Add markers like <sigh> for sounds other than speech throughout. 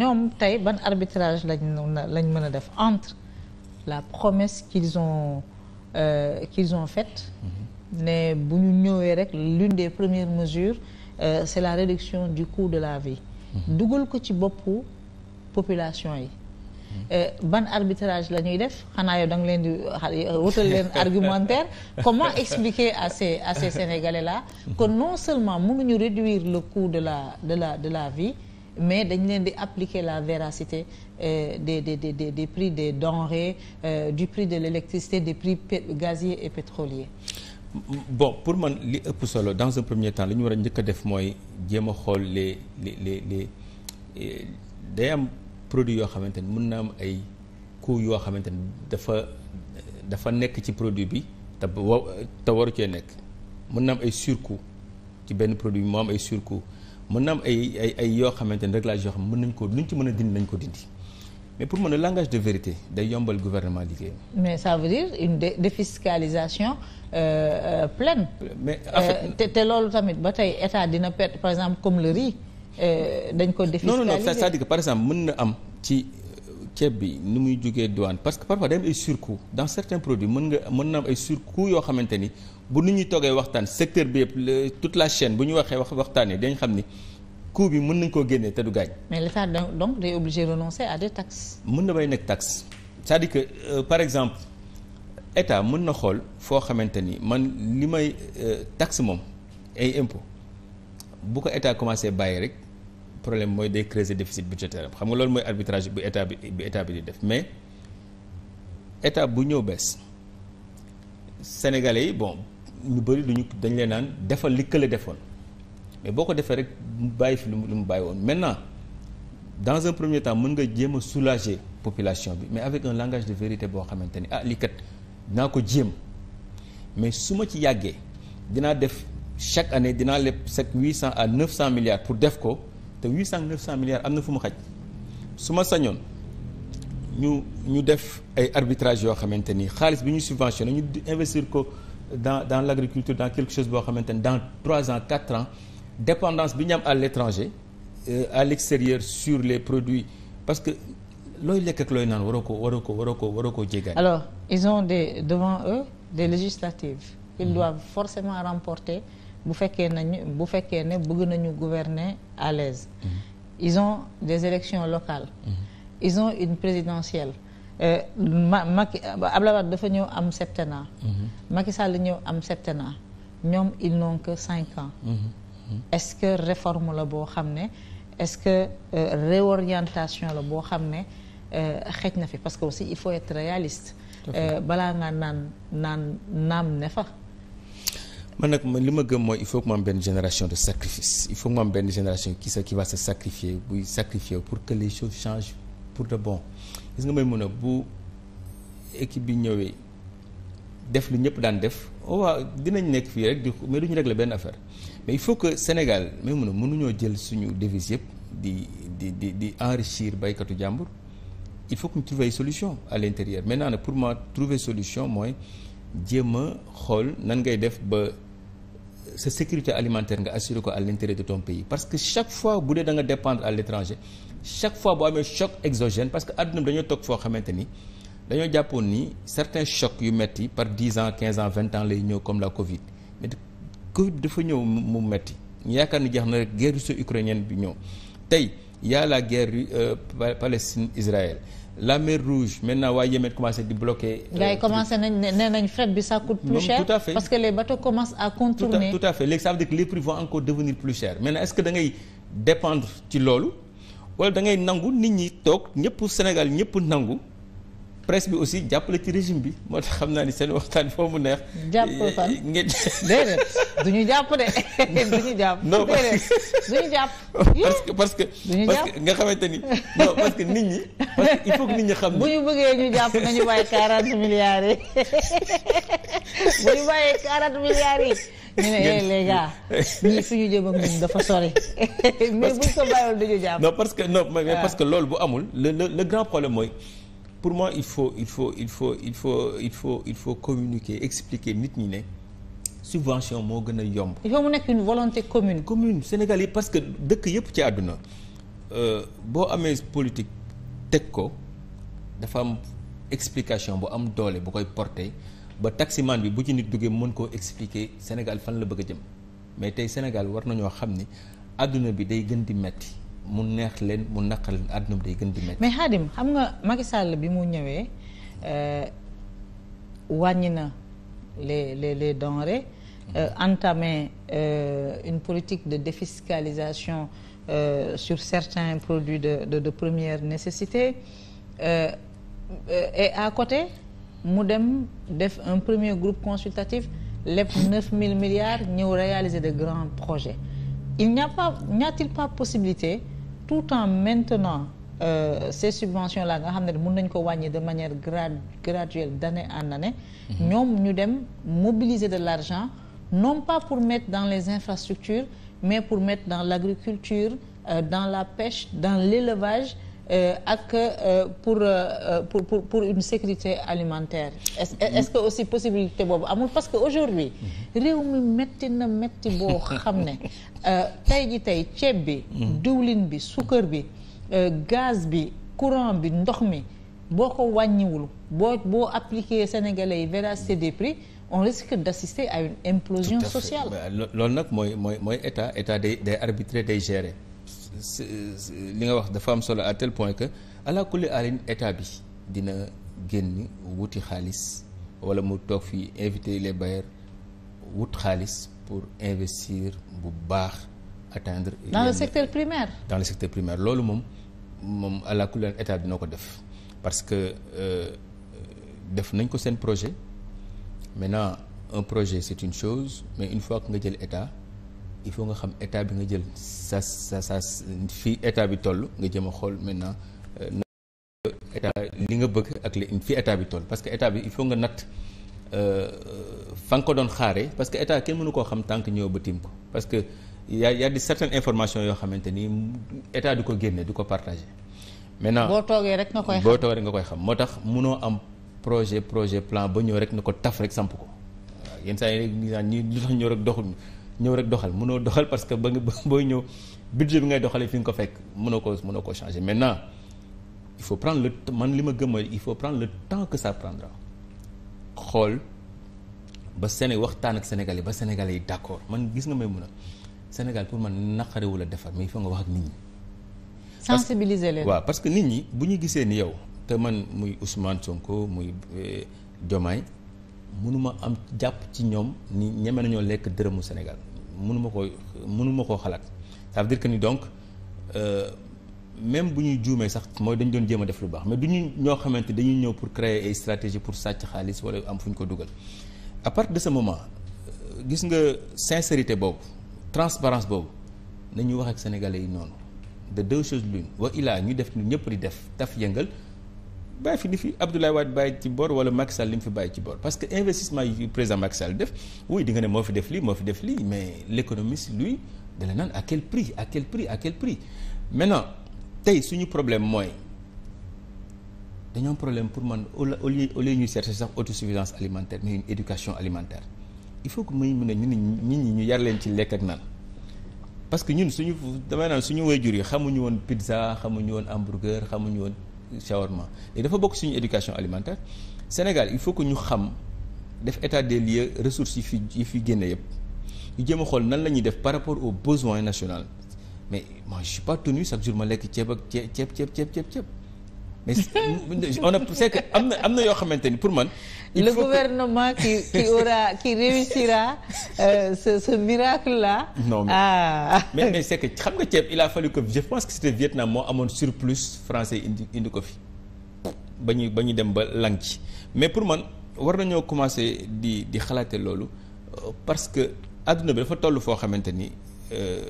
ñoom tey ban arbitrage lañ lañ mën a def entre la promesse qu'ils ont euh, qu'ils ont faite mhm. bu ñu ñëwee rek l'une des premières mesures euh, c'est la réduction du coût de la vie mhm. dugal ko ci boppu population yi mhm. euh, ban arbitrage la ñuy def xanaa yow da nga leen di euh, wutal leen <laughs> argumentaire comment expliquer à ces à ces sénégalais là que non seulement ñu réduire le coût de la de la de la vie mais dañ leen di appliquer la véracité euh, des des des des des prix des denrées euh, du prix de l'électricité des prix gaziers et pétroliers. bon pour man li ëpp solo dans un premier temps li ñu war a njëkk a def mooy jéem a xool les les les les eh, day am produit yoo xamante ni mën na am ay coûts yoo xamante ni dafa dafa nekk ci produit bi te te waru cee nekk mën na am ay surcoût ci benn produit bi moo am ay surcoût mën na am ay ay yoo xamante ne rek yoo jox mën nañ ko luñ ci mën a dindi nañ ko dindi mais pour man le langage de vérité day yombal gouvernement liggéeyam. mais ça veut dire une défiscalisation euh, euh, pleine. mais euh, te te loolu tamit ba tey état dina perte par exemple comme le riz euh, dañ ko défiscaliser noonu non non cest par exemple mën na am ci. ceeb bi ni muy jógee douane parce que parfois day am ay surcoût dans certains produits mën nga mën na ay surcoût yoo xamante ni bu nit ñuy toogee waxtaan secteur bi yëpp tout la chaine bu ñu waxee wax yi dañ xam ni coût bi mën nañ koo génnee te du gaañ. mais l'État donc day obligé renoncer à des mën na bay nekk taxe cest à que euh, par exemple état mën na xool foo xamante ni man li may euh, taxe moom ay impôt bu ko état commencé bàyyi rek. problème mooy day creuser déficit budgétaire am xam nga loolu mooy arbitrage bu état bi bu état bi di def mais état bu ñëw bees sénégalais yi bon ñu bëri duñu dañ leen naan defal li kële defoon mais boo ko defee rek mu bàyyi fi lu mu lu mu bàyyi woon maintenant dans un premier temps mën nga jéem a soulager population bi mais avec un langage de vérité boo xamante ni ah lii kat dinaa ko jéem mais su ma ci yàggee dinaa def chaque année dinaa leb sept huit cent a neuf cent milliards pour def ko. te 800 900 milliards am na fu mu xaj su ma sañoon ñu ñu def ay arbitrage yoo xamante ni xaalis bi ñu subventionné ñu investir ko dans dans l' agriculture dans quelque chose boo xamante ni dans 3 ans 4 ans dépendance bi ñu am à l' étranger euh, à l' extérieur sur les produits parce que looy lekk ak looy naan waroo ko waroo ko waroo ko waroo koo jéggaani. alors ils ont des devant eux des législatives. ils mmh. doivent forcément remporter. bu fekkee nañu bu fekkee ne bëgg nañu gouverner à l'aise mhm. ils ont des élections locales mhm. ils ont une présidentielle euh, ma Macky Abdoulaye Wade dafa ñëw am septennat mhm. Macky Sall ñëw am septennat ñoom ils n'ont que cinq ans est-ce que réforme la boo xam ne est-ce que euh, réorientation la boo xam ne euh, xeej na fi parce que aussi il faut être réaliste balaa nga naan naan naam ne man nag man li ma gëm mooy il faut que mu benn génération de sacrifice il faut que mu am benn génération qui se qui va se sacrifier buy sacrifier pour que les choses changent pour de bon gis nga may mun a bu équipe bi ñëwee def lu ñëpp daan def oh waaw dinañ nekk fii rek di mais rek régler benn affaire mais il faut que Sénégal may mun a mënuñoo jël suñu devise yëpp di di di di enrichir baykatu jàmbur il faut que ñu trouver solution à l'intérieur maintenant nag pour moi trouver solution mooy jéem a xool nan ngay def ba sa sécurité alimentaire nga assurer ko à l'intérieur de ton pays parce que chaque fois bu dee da nga dépendre à l'étranger chaque fois boo amee choc exogène parce que àdduna bi dañoo toog foo xamante ni dañoo jàppoon ni certains chocs yu metti par dix ans quinze ans vingt ans lay ñëw comme la Covid mais Covid dafa ñëw mu metti ñu yaakaar ni jeex na rek guerre russo-ukrainienne bi ñëw tey yàlla a la guerre euh, Palestine Israël la mer rouge maintenant waa Yémen commencé di bloquer. Euh, gars yi commencé nañ nee nañ fret bi ça coûte plus cher. tout à fait parce que les bateaux commencent à contourner. tout à fait léegi ça veut que les prix encore devenir plus cher maintenant est-ce que da ngay dépendre ci loolu wala dangay nangu nit ñi toog ñëpp Sénégal ñëpp nangu. presse bi aussi jàppale ci régime bi moo tax xam naa ni seen waxtaan foo mu neex. jàpp fan eh, <laughs> jàpp de <laughs> du ñu jàpp. non déedéet <laughs> parce que nga xamante ni non parce que nit ñi. parce que il faut nit ñi xam. bu ñu bëggee ñu jàpp nañu bàyyi quarante milliards yi bu ñu bàyyee quarante milliards yi. ñu ne eh les gars ñu jëm ak dafa sori. mais bu ñu ko bàyyiwoon dañu jàpp. non parce que non ah. loolu bu amul le le le grand problème mooy. pour moi il faut il faut il faut il faut il faut il faut communiquer expliquer nit ñi ne subvention moo gën a yomb. il faut nekk une volonté commune. commune Sénégal yi parce que dëkk yëpp ci àdduna euh, boo amee politique teg ko dafa am explication bu am doole bu koy porté ba taximan bi bu ci nit duggee mën koo expliquer Sénégal fan la bëgg a jëm mais tey Sénégal war nañoo xam ni àdduna bi day gën di metti mu neex leen mu naqal leen àdduna bi day gën di métti mais Xaadim xam nga Macky Sall bi mu ñëwee euh, wàññi na les les les denrées Euh, entamer euh, une politique de défiscalisation euh, sur certains produits de, de, de première nécessité euh, euh, et à côté mu dem def un premier groupe consultatif leb 9000 milliards ñëw réaliser de grands projets il n'y pas possibilité tout en maintenant euh, ces subventions là nga xam ne mun nañ ko wàññi de manière grad graduelle d'année en année mm-hmm. ñoom ñu dem mobiliser de l'argent non pas pour mettre dans les infrastructures mais pour mettre dans l'agriculture euh, dans la pêche dans l'élevage Euh, ak euh, pour euh, pour pour pour une sécurité alimentaire est-ce est-ce mm-hmm. que aussi possibilité boobu amul parce que aujourd'hui mm-hmm. réew mi metti na metti boo xam ne tey ji tey ceeb bi mm-hmm. diwlin bi suukar bi gaz bi courant bi ndox mi boo ko wàññiwul boo boo appliquer sénégalais yi véracité des prix on risque d'assister à une implosion sociale loolu nag mooy mooy mooy état état day day arbitrer day gérer li nga wax dafa am solo à tel point que ala kulli alin état bi dina génn wuti xaalis wala mu toog fii invité les bailleurs wut xaalis pour investir bu baax atteindre. dans le secteur primaire. dans le secteur primaire loolu moom moom ala kulli état dina ko def parce que euh, def nañ ko seen projet mais maintenant un projet c'est une chose mais une fois que nga jël état. il faut nga xam état bi nga jël sa sa sa fii état bi toll nga jëm a xool maintenant euh, état li nga bëgg ak li fii état bi toll parce que état bi il faut nga natt euh, fa nga ko doon xaaree parce que état kenn mënu koo xam tant que ñëw ba tiim ko parce que yaa yaa di information yoo xamante ni état du ko génne du ko partagé maintenant boo toogee rek nga koy boo toogee rek nga koy xam moo tax munoo am projet projet plan ba ñëw rek na ko taf rek samp ko waaw yenn saa yi ñu lu tax ñëw rek doxul ñëw rek doxal mënoo doxal parce que ba nga booy ñëw budget bi ngay doxalee fi nga ko fekk mënoo ko mënoo ko changer maintenant il faut prendre le man li ma gëm il faut prendre le temps que ça prendra xool ba Séné waxtaan ak Sénégalais ba Sénégalais yi d'accord man gis nga may mun a Sénégal pour man naqarewul a defar mais il faut nga wax ak nit ñi. sensibiliser leen waaw parce que nit ñi bu ñu gisee ni yow te man muy Ousmane Sonko muy eh, Diomaye mënuma am jàpp ci ñoom ni ñeme nañoo lekk dërëmu Sénégal. mënuma koo mënuma koo xalaat ça veut que ni donc euh, même bu ñuy juumee sax mooy dañ doon jéem def lu baax mais du ñu ñoo xamante dañuy ñëw pour créer ay stratégie pour sàcc xaalis wala am fu ñu ko dugal à partir de ce moment euh, gis nga sincérité boobu transparence boobu nañu wax ak sénégalais yi noonu de deux choses l'une wa ilaa ñu def ñu ñëpp di def taf yëngal bàyyi fi li fi Abdoulaye Wade bàyyi ci bor wala Macky Sall li mu fi bàyyi ci bor parce que investissement yu président Macky Sall def oui di ne moo fi def lii moo fi def lii mais l'économiste lui da la naan à quel prix à quel prix à quel prix maintenant tey suñu problème mooy dañoo problème pour man au lieu au lieu ñuy chercher sax autosuffisance alimentaire mais une éducation alimentaire il faut que muy mun a ñu nit ñi ñu yar leen ci lekk ak naan parce ñun suñu damay naan suñu waajur yi xamuñu woon pizza xamuñu woon hamburger xamuñu woon shawarma léegi dafa bokk suñu éducation alimentaire Sénégal il faut que ñu xam def état des lieux ressources yi fi yi fi génne yëpp ñu jëm a xool nan la ñuy def par rapport au besoins national mais manche je suis pas tenu chaque jour ma lekk ceeb ak ceeb ceeb ceeb ceeb ceeb mais euh, on a c'est am na am na yoo xamante ni pour man. le gouvernement que... qui qui aura qui réussira euh, ce ce miracle là. non mais ah. mais, mais xam nga ceeb il a fallu que je pense que c'était Vietnam moo amoon surplus français indi indi ko fi ba ñu ba ñu dem ba lang ci mais pour man war nañoo commencer di di xalaate loolu euh, parce que adduna bi dafa toll foo xamante ni. Euh,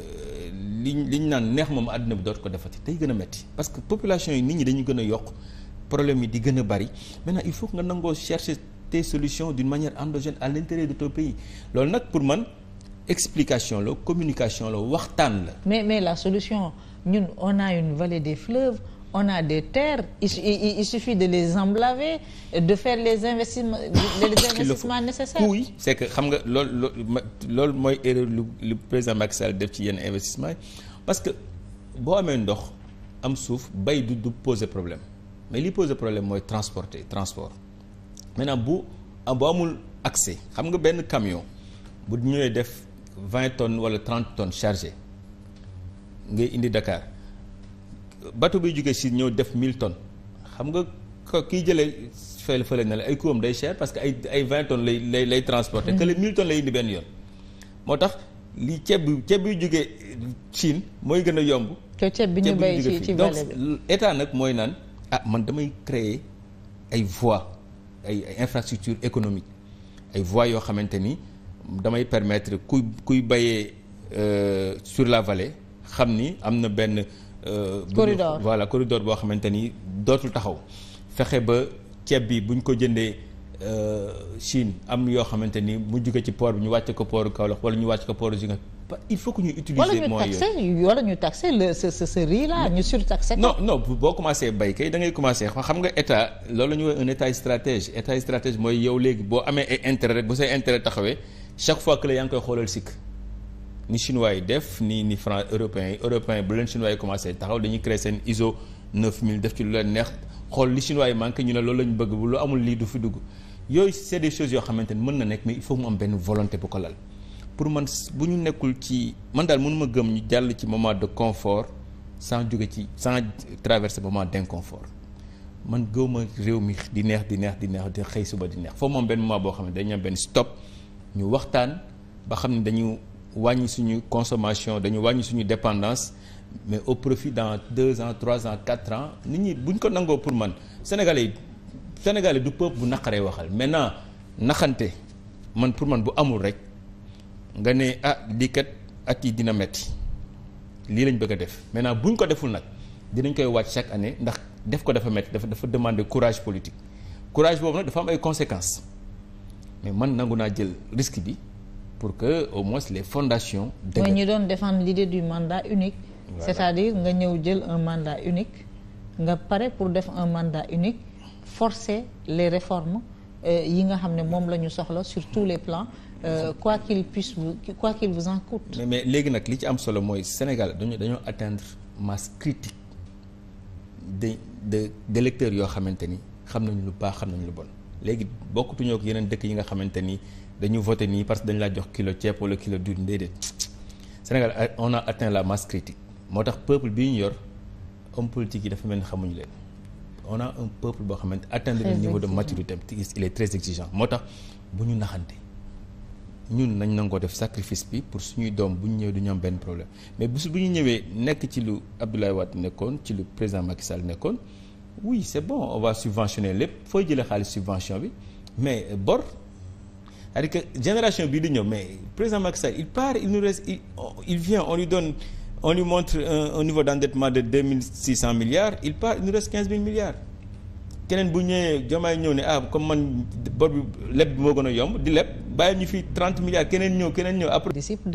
li liñ naan neex moom àdduna bi dootu ko defati tey gën a metti parce que population yi nit ñi dañu gën a yokk problème yi di gën a bari maintenant il faut nga nangoo chercher tes solutions d'une manière endogène à l'intérieur de ton pays loolu nag pour man explication la communication la waxtaan la. mais mais la solution ñun on a une vallée des fleuves. on a des terres il, il, de les emblaver de faire les investissements les <coughs> investissements nécessaires. oui c'est que xam nga loolu loolu mooy erreur lu lu président Macky def ci yenn investissement parce que boo amee ndox am suuf bay du du poser problème mais li poser problème mooy transporter transport maintenant bu bu amul accès xam nga benn camion bu ñëwee def vingt tonnes wala trente tonnes chargé ngay indi dakaar bateau bi jógee Chine ñëw def 1000 tonnes xam nga ko kiy jëlee fële fële na la ay coom day cher parce que ay ay 20 lay lay lay transporter. que le 1000 tonnes lay indi benn yoon. moo tax li ceeb bi ceeb bi jógee Chine mooy gën a yomb. que ceeb bi ñu bay ci ci donc état nag mooy naan ah man damay créer ay voies ay ay infrastructures économiques ay voies yoo xamante ni damay permettre kuy kuy bayee euh, sur la vallée xam ni am na benn. Euh, corridor voilà corridor boo xamante ni dootul taxaw fexe ba ceeb bi buñ ko jëndee euh, Chine am yoo xamante ni mu jóge ci port bi ñu wàcce ko port Kaolack wala ñu wàcc ko port Ziguinchor il faut que ñu utiliser moyens yooyu wala ñu taxé wala ñu taxé le ce ce riz là da ngay commencé xam nga état loolu la ñu woowee un état stratège état mooy yow léegi boo amee ay intérêt rek bu say intérêt taxawee chaque fois que yaa ngi koy xoolal sikk ni chinois yi def ni ni franc européens yi européens yi bu leen chinois yi commencé taxaw dañuy créer seen ISO 9000 def ci lu leen neex xool li chinois yi manqué ñu ne loolu lañu bëgg lu amul lii du fi dugg yooyu c'est des yoo xamante mën na nekk mais il faut mu am benn volonté bu ko lal pour man bu ñu nekkul ci man daal mënuma gëm ñu jàll ci moment de confort sans jóge ci sans traverser moment d'inconfort man gëwma réew mi di neex di neex di neex di xëy suba di neex foo moom benn moment boo xam ne dañu am benn stop ñu wàññi suñu consommation dañu wàññi suñu dépendance mais au profit dans deux ans trois ans quatre ans nit ñi buñ ko nangoo pour man Sénégalais yi Sénégalais du peuple bu naqaree waxal maintenant naxante man pour man bu amul rek nga ne ah lii kat at yi dina metti lii lañ bëgg a def mais maintenant buñ ko deful nag dinañ koy wàcc chaque année ndax def ko dafa metti dafa dafa demander courage politique courage boobu nag dafa am ay conséquences mais man nangu naa jël risque bi. pour que au moins les fondations. dëgg mooy ñi doon défendre l'idée du mandat unique. Voilà. c'est-à-dire nga ñëw jël un mandat unique nga pare pour def un mandat unique forcer les réformes euh, yi nga xam ne moom la ñu soxla sur tous les plans euh, quoi qu'il puisse vous quoi qu'il vous en coûte. léegi nag li ci am solo mooy Sénégal dañu dañoo atteindre mass critique de de d'électeurs yoo xamante ni xam nañu lu baax xam nañu lu bon. léegi bokkutuñoo ak yeneen dëkk yi nga xamante ni dañu voté nii parce que dañu laa jox kilo ceeb wala kilo dund déedéet Sénégal on a atteint la masse critique moo tax peuple bi ñu yor homme politique yi dafa mel ni xamuñu leen on a un peuple boo xamante atteindre le niveau de maturité il est très exigeant moo tax bu ñu naxante ñun nañ na nangoo def sacrifice bi pour suñuy doom bu ñu ñëwee du ñu benn problème mais bu bu ñu ñëwee nekk ci lu Abdoulaye Wade nekkoon ci lu président Macky Sall nekkoon. oui c'est bon on va subventionner lépp foo jëlee xaalis subvention bi mais bor cest à que génération bii di ñëw mais président Macky Sall il part il nous reste il, il vient on lui donne on lui montre un, niveau d'endettement de deux mille six cent milliards il part il nous reste quinze milliards keneen bu ñëwee jomaay ñëw ne ah comme man bor bi leb bi moo gën a yomb di leb bàyyi ñu fi trente milliards keneen ñëw keneen ñëw après